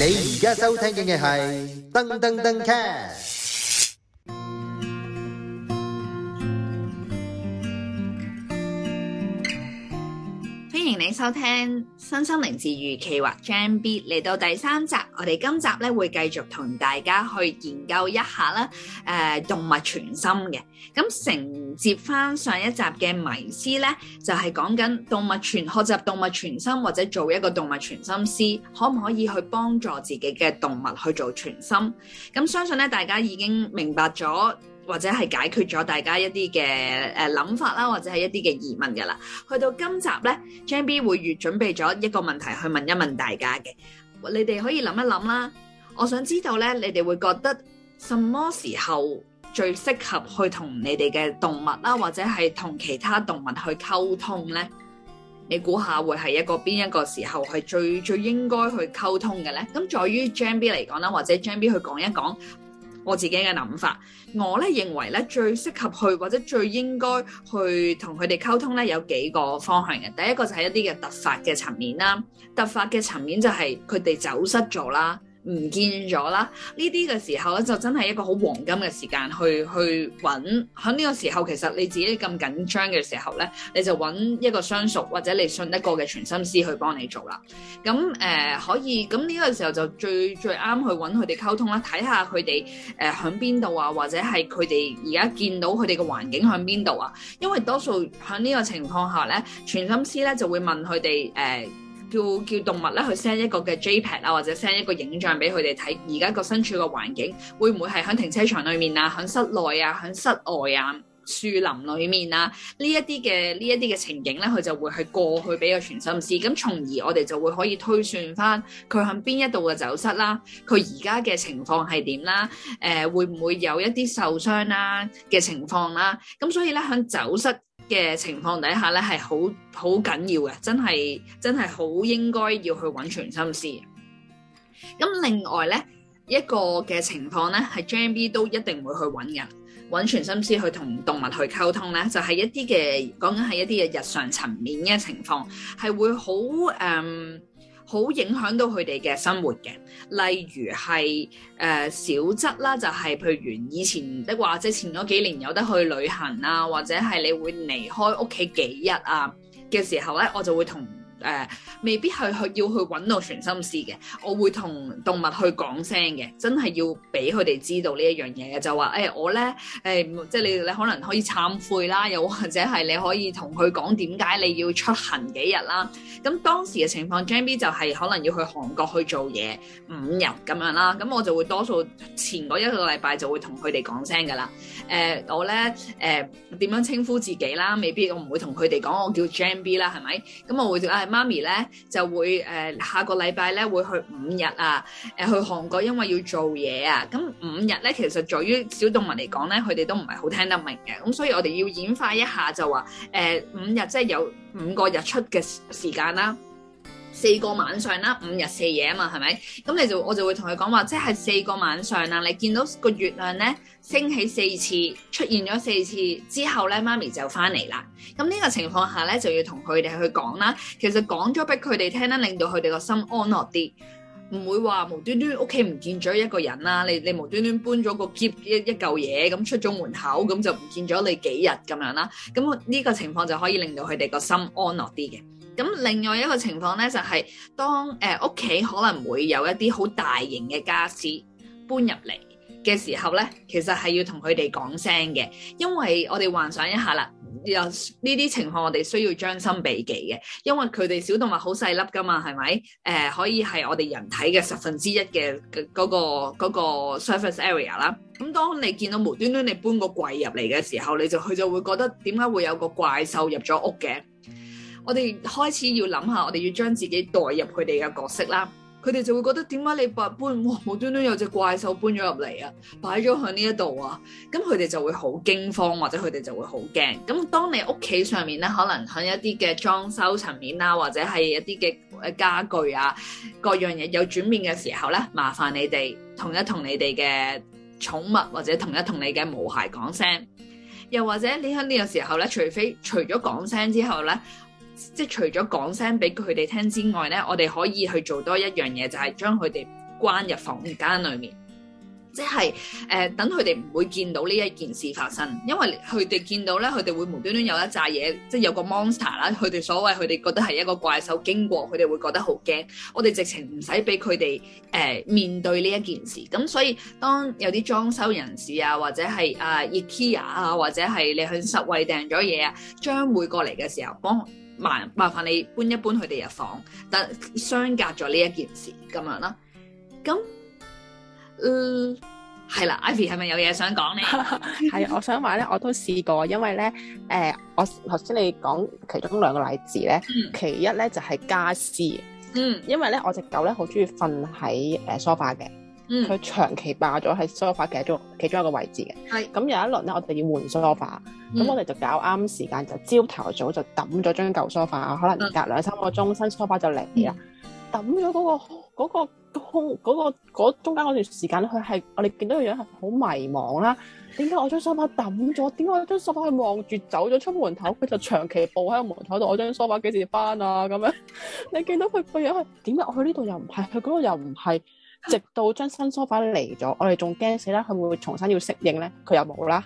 你而家收聽嘅係噔噔噔 cat 你收聽《新生靈智語期》或 JMB 嚟到第三集，我哋今集咧會繼續同大家去研究一下啦。誒、呃，動物傳心嘅，咁承接翻上，上一集嘅迷思咧，就係講緊動物傳學習動物傳心或者做一個動物傳心師，可唔可以去幫助自己嘅動物去做傳心？咁相信咧，大家已經明白咗。或者係解決咗大家一啲嘅誒諗法啦，或者係一啲嘅疑問嘅啦。去到今集咧，Jam B 會越準備咗一個問題去問一問大家嘅，你哋可以諗一諗啦。我想知道咧，你哋會覺得什麼時候最適合去同你哋嘅動物啦，或者係同其他動物去溝通咧？你估下會係一個邊一個時候係最最應該去溝通嘅咧？咁在於 Jam B 嚟講啦，或者 Jam B 去講一講。我自己嘅諗法，我咧認為咧，最適合去或者最應該去同佢哋溝通咧，有幾個方向嘅。第一個就係一啲嘅突發嘅層面啦，突發嘅層面就係佢哋走失咗啦。唔見咗啦！呢啲嘅時候咧，就真係一個好黃金嘅時間去去揾。喺呢個時候，其實你自己咁緊張嘅時候咧，你就揾一個相熟或者你信得過嘅傳心師去幫你做啦。咁誒、呃、可以，咁呢個時候就最最啱去揾佢哋溝通啦，睇下佢哋誒喺邊度啊，或者係佢哋而家見到佢哋嘅環境喺邊度啊。因為多數喺呢個情況下咧，傳心師咧就會問佢哋誒。呃叫叫動物咧去 send 一個嘅 JPEG 啊，或者 send 一個影像俾佢哋睇。而家個身處個環境會唔會係喺停車場裡面啊？喺室內啊？喺室外啊？樹林裡面啊？呢一啲嘅呢一啲嘅情景咧，佢就會係過去比較全心思。咁從而我哋就會可以推算翻佢喺邊一度嘅走失啦。佢而家嘅情況係點啦？誒、呃，會唔會有一啲受傷啦嘅情況啦？咁所以咧喺走失。嘅情況底下咧，係好好緊要嘅，真係真係好應該要去揾全心思。咁另外呢，一個嘅情況呢係 Gemini 都一定會去揾人，揾全心思去同動物去溝通呢，就係、是、一啲嘅講緊係一啲嘅日常層面嘅情況，係會好誒。嗯好影響到佢哋嘅生活嘅，例如係誒、呃、小則啦，就係、是、譬如以前或者前嗰幾年有得去旅行啊，或者係你會離開屋企幾日啊嘅時候咧，我就會同。誒、呃，未必係去要去揾到全心思嘅，我會同動物去講聲嘅，真係要俾佢哋知道呢一樣嘢，就話誒、哎、我咧誒、哎，即係你你可能可以懺悔啦，又或者係你可以同佢講點解你要出行幾日啦，咁、嗯、當時嘅情況，Jamby 就係可能要去韓國去做嘢五日咁樣啦，咁、嗯、我就會多數前嗰一個禮拜就會同佢哋講聲噶啦，誒、呃、我咧誒點樣稱呼自己啦，未必我唔會同佢哋講我叫 Jamby 啦，係咪？咁、嗯、我會媽咪咧就會誒、呃、下個禮拜咧會去五日啊，誒、呃、去韓國，因為要做嘢啊。咁、嗯、五日咧其實對於小動物嚟講咧，佢哋都唔係好聽得明嘅。咁、嗯、所以我哋要演化一下就話誒、呃、五日即係、就是、有五個日出嘅時間啦、啊。四個晚上啦，五日四夜啊嘛，係咪？咁你就我就會同佢講話，即係四個晚上啦，你見到個月亮咧升起四次，出現咗四次之後咧，媽咪就翻嚟啦。咁呢個情況下咧，就要同佢哋去講啦。其實講咗俾佢哋聽啦，令到佢哋個心安樂啲，唔會話無端端屋企唔見咗一個人啦。你你無端端搬咗個喼，一一嚿嘢咁出咗門口咁就唔見咗你幾日咁樣啦。咁呢個情況就可以令到佢哋個心安樂啲嘅。咁另外一個情況咧，就係當誒屋企可能會有一啲好大型嘅家私搬入嚟嘅時候咧，其實係要同佢哋講聲嘅，因為我哋幻想一下啦，有呢啲情況我哋需要將心比己嘅，因為佢哋小動物好細粒㗎嘛，係咪？誒、呃、可以係我哋人體嘅十分之一嘅嗰個、嗰個、嗰個嗰個、surface area 啦。咁當你見到無端端你搬個櫃入嚟嘅時候，你就佢就會覺得點解會有個怪獸入咗屋嘅？我哋開始要諗下，我哋要將自己代入佢哋嘅角色啦。佢哋就會覺得點解你白搬哇，無端端有隻怪獸搬咗入嚟啊，擺咗喺呢一度啊。咁佢哋就會好驚慌，或者佢哋就會好驚。咁當你屋企上面咧，可能喺一啲嘅裝修層面呀，或者係一啲嘅誒傢俱啊，各樣嘢有轉變嘅時候咧，麻煩你哋同一同你哋嘅寵物或者同一同你嘅無鞋講聲，又或者你喺呢個時候咧，除非除咗講聲之後咧。即係除咗講聲俾佢哋聽之外咧，我哋可以去做多一樣嘢，就係將佢哋關入房間裏面，即係誒、呃、等佢哋唔會見到呢一件事發生，因為佢哋見到咧，佢哋會無端端有一扎嘢，即係有個 monster 啦，佢哋所謂佢哋覺得係一個怪獸經過，佢哋會覺得好驚。我哋直情唔使俾佢哋誒面對呢一件事。咁所以當有啲裝修人士啊，或者係啊 IKEA 啊，或者係你去實惠訂咗嘢啊，將會過嚟嘅時候幫。麻麻煩你搬一搬佢哋入房，但相隔咗呢一件事咁樣、呃、啦。咁，嗯，係啦，Ivy 係咪有嘢想講咧？係，我想話咧，我都試過，因為咧，誒、呃，我頭先你講其中兩個例子咧，嗯、其一咧就係、是、傢俬，嗯，因為咧我隻狗咧好中意瞓喺誒梳化嘅。佢、嗯、長期霸咗喺梳化 f 其中其中一個位置嘅，咁是有一輪咧，我哋要換梳化。咁、嗯、我哋就搞啱時間就朝頭早就抌咗張舊梳化。可能隔兩三個鐘新梳化就嚟啦。抌咗嗰個嗰、那個空嗰、那個嗰、那個那個那個、中間嗰段時間，佢係我哋見到個樣係好迷茫啦。點解我張梳化 f 咗？點解我張梳 o f 去望住走咗出門口？佢就長期步喺個門口度。我張梳 o f a 幾時翻啊？咁樣 你見到佢個樣係點解我呢度又唔係，佢嗰度又唔係？ 直到張新梳化嚟咗，我哋仲驚死啦！佢會唔會重新要適應咧？佢又冇啦。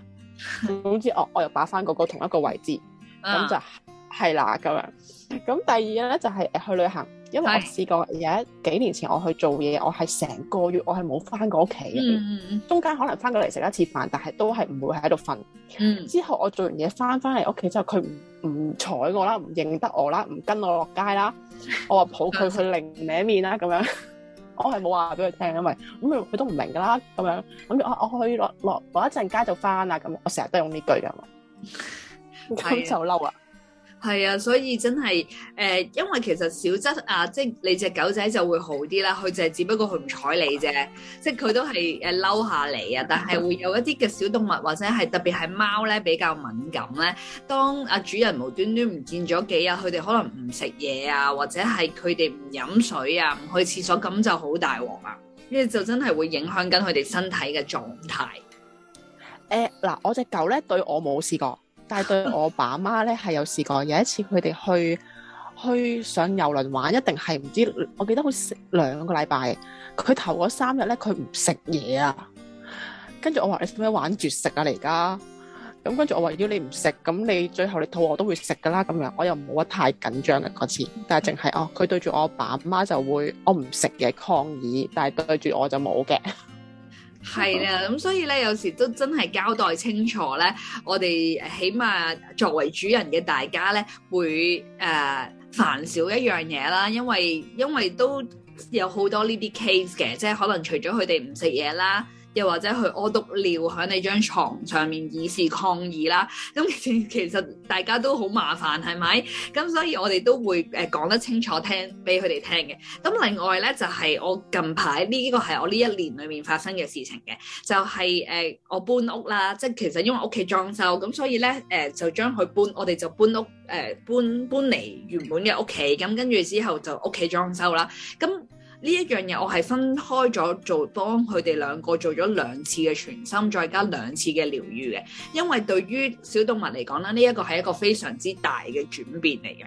總之我，我我又擺翻嗰個同一個位置，咁就係、啊、啦咁樣。咁第二咧就係、是、去旅行，因為我試過而家幾年前我去做嘢，我係成個月我係冇翻過屋企，嗯、中間可能翻過嚟食一次飯，但係都係唔會喺度瞓。嗯、之後我做完嘢翻翻嚟屋企之後，佢唔唔睬我啦，唔認得我啦，唔跟我落街啦，我話抱佢去另一面啦咁樣。 我係冇話俾佢聽，因為咁佢都唔明㗎啦，咁樣我我去落落，落一陣街就返啊，咁我成日都用呢句㗎，佢就嬲啊！係啊，所以真係誒、呃，因為其實小則啊，即、就、係、是、你隻狗仔就會好啲啦。佢就係只不過佢唔睬你啫，即係佢都係誒嬲下你啊。但係會有一啲嘅小動物或者係特別係貓咧比較敏感咧。當啊主人無端端唔見咗幾日，佢哋可能唔食嘢啊，或者係佢哋唔飲水啊、唔去廁所，咁就好大鑊啊。呢就真係會影響緊佢哋身體嘅狀態。誒，嗱，我隻狗咧對我冇試過。 但係對我爸媽咧係有試過。有一次佢哋去去上郵輪玩，一定係唔知我記得好食兩個禮拜。佢頭嗰三日咧，佢唔食嘢啊。跟住我話，你做咩玩住食啊嚟家？咁跟住我話，如果你唔食，咁你最後你肚餓都會食噶啦。咁樣我又冇得太緊張嘅嗰次，但係淨係哦，佢對住我爸媽就會「我唔食嘢」抗議，但係對住我就冇嘅。係啦，咁所以咧，有時都真係交代清楚咧，我哋起碼作為主人嘅大家咧，會誒、呃、煩少一樣嘢啦，因為因為都有好多呢啲 case 嘅，即係可能除咗佢哋唔食嘢啦。又或者去屙督尿喺你張床上面以示抗議啦，咁其實大家都好麻煩係咪？咁所以我哋都會誒、呃、講得清楚聽俾佢哋聽嘅。咁另外咧就係、是、我近排呢、這個係我呢一年裏面發生嘅事情嘅，就係、是、誒、呃、我搬屋啦，即係其實因為屋企裝修咁，所以咧誒、呃、就將佢搬，我哋就搬屋誒、呃、搬搬嚟原本嘅屋企，咁跟住之後就屋企裝修啦，咁。呢一樣嘢我係分開咗做，幫佢哋兩個做咗兩次嘅全心，再加兩次嘅療愈嘅，因為對於小動物嚟講咧，呢一個係一個非常之大嘅轉變嚟嘅。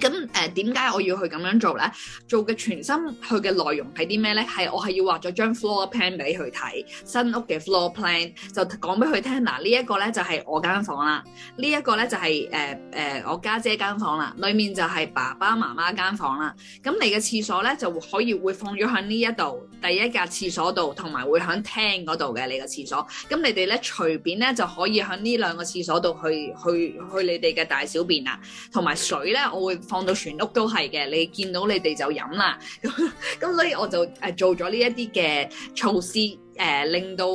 咁誒點解我要去咁樣做咧？做嘅全心佢嘅內容係啲咩咧？係我係要畫咗張 floor plan 俾佢睇，新屋嘅 floor plan 就講俾佢聽嗱，呢一個咧就係我間房啦，呢一個咧就係誒誒我家姐間房啦，裡面就係爸爸媽媽間房啦，咁你嘅廁所咧就可以會放咗喺呢一度，第一格廁所度，同埋會喺廳嗰度嘅你個廁所，咁你哋咧隨便咧就可以喺呢兩個廁所度去去去你哋嘅大小便啦，同埋水咧我會放到全屋都係嘅，你見到你哋就飲啦。咁 咁所以我就誒、呃、做咗呢一啲嘅措施誒、呃，令到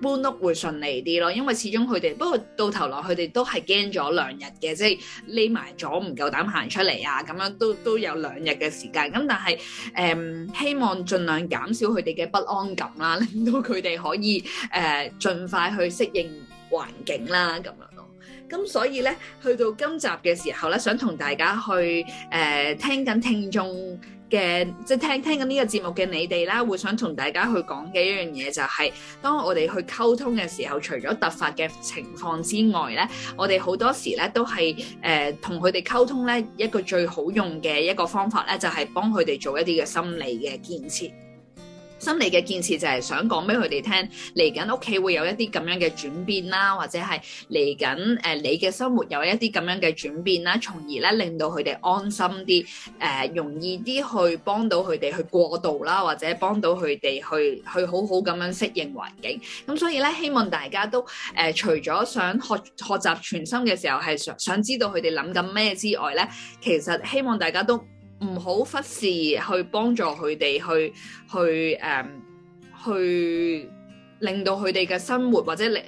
搬屋會順利啲咯，因為始終佢哋不過到頭來佢哋都係驚咗兩日嘅，即係匿埋咗唔夠膽行出嚟啊！咁樣都都有兩日嘅時間，咁但係誒、嗯、希望盡量減少佢哋嘅不安感啦，令到佢哋可以誒、呃、盡快去適應環境啦咁樣咯。咁所以咧，去到今集嘅時候咧，想同大家去誒、呃、聽緊聽眾。嘅即係聽聽緊呢個節目嘅你哋啦，會想同大家去講嘅一樣嘢就係，當我哋去溝通嘅時候，除咗突發嘅情況之外咧，我哋好多時咧都係誒同佢哋溝通咧一個最好用嘅一個方法咧，就係幫佢哋做一啲嘅心理嘅建設。心理嘅建設就係想講俾佢哋聽，嚟緊屋企會有一啲咁樣嘅轉變啦，或者係嚟緊誒你嘅生活有一啲咁樣嘅轉變啦，從而咧令到佢哋安心啲，誒、呃、容易啲去幫到佢哋去過渡啦，或者幫到佢哋去去好好咁樣適應環境。咁所以咧，希望大家都誒、呃、除咗想學學習全心嘅時候係想想知道佢哋諗緊咩之外咧，其實希望大家都。唔好忽視去幫助佢哋，去去誒、呃，去令到佢哋嘅生活或者令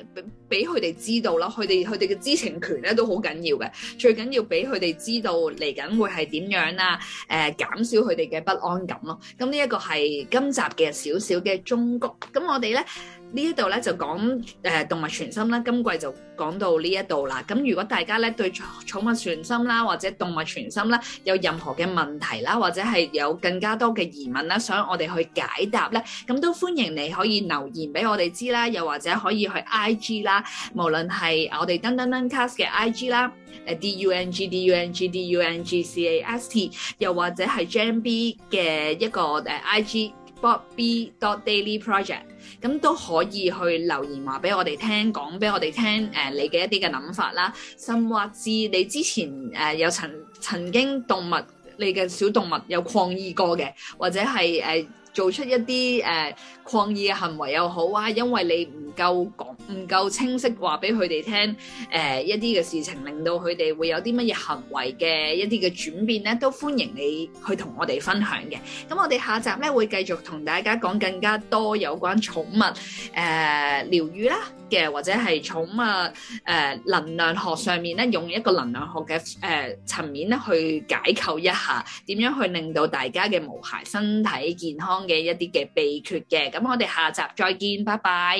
俾佢哋知道咯，佢哋佢哋嘅知情權咧都好緊要嘅，最緊要俾佢哋知道嚟緊會係點樣啦，誒、呃、減少佢哋嘅不安感咯。咁呢一個係今集嘅少少嘅忠告。咁我哋咧。呢一度咧就講誒動物傳心啦，今季就講到呢一度啦。咁如果大家咧對寵物傳心啦或者動物傳心啦有任何嘅問題啦，或者係有更加多嘅疑問啦，想我哋去解答咧，咁都歡迎你可以留言俾我哋知啦，又或者可以去 IG 啦，無論係我哋登登登 Cast 嘅 IG 啦，誒 D U N G D U N G D U N G C A S T，又或者係 Jam B 嘅一個誒 IG。dot b dot daily project，咁都可以去留言話俾我哋聽，講俾我哋聽，誒，你嘅一啲嘅諗法啦，甚或至你之前誒、呃、有曾曾經動物，你嘅小動物有抗議過嘅，或者係誒。呃做出一啲誒抗議嘅行為又好啊，因為你唔夠講唔夠清晰話俾佢哋聽誒一啲嘅事情，令到佢哋會有啲乜嘢行為嘅一啲嘅轉變咧，都歡迎你去同我哋分享嘅。咁我哋下集咧會繼續同大家講更加多有關寵物誒療愈啦嘅，或者係寵物誒、呃、能量學上面咧，用一個能量學嘅誒層面咧去解構一下，點樣去令到大家嘅毛孩身體健康。嘅一啲嘅秘訣嘅，咁我哋下集再見，拜拜。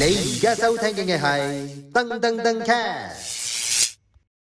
你而家收聽嘅係噔噔噔 cast。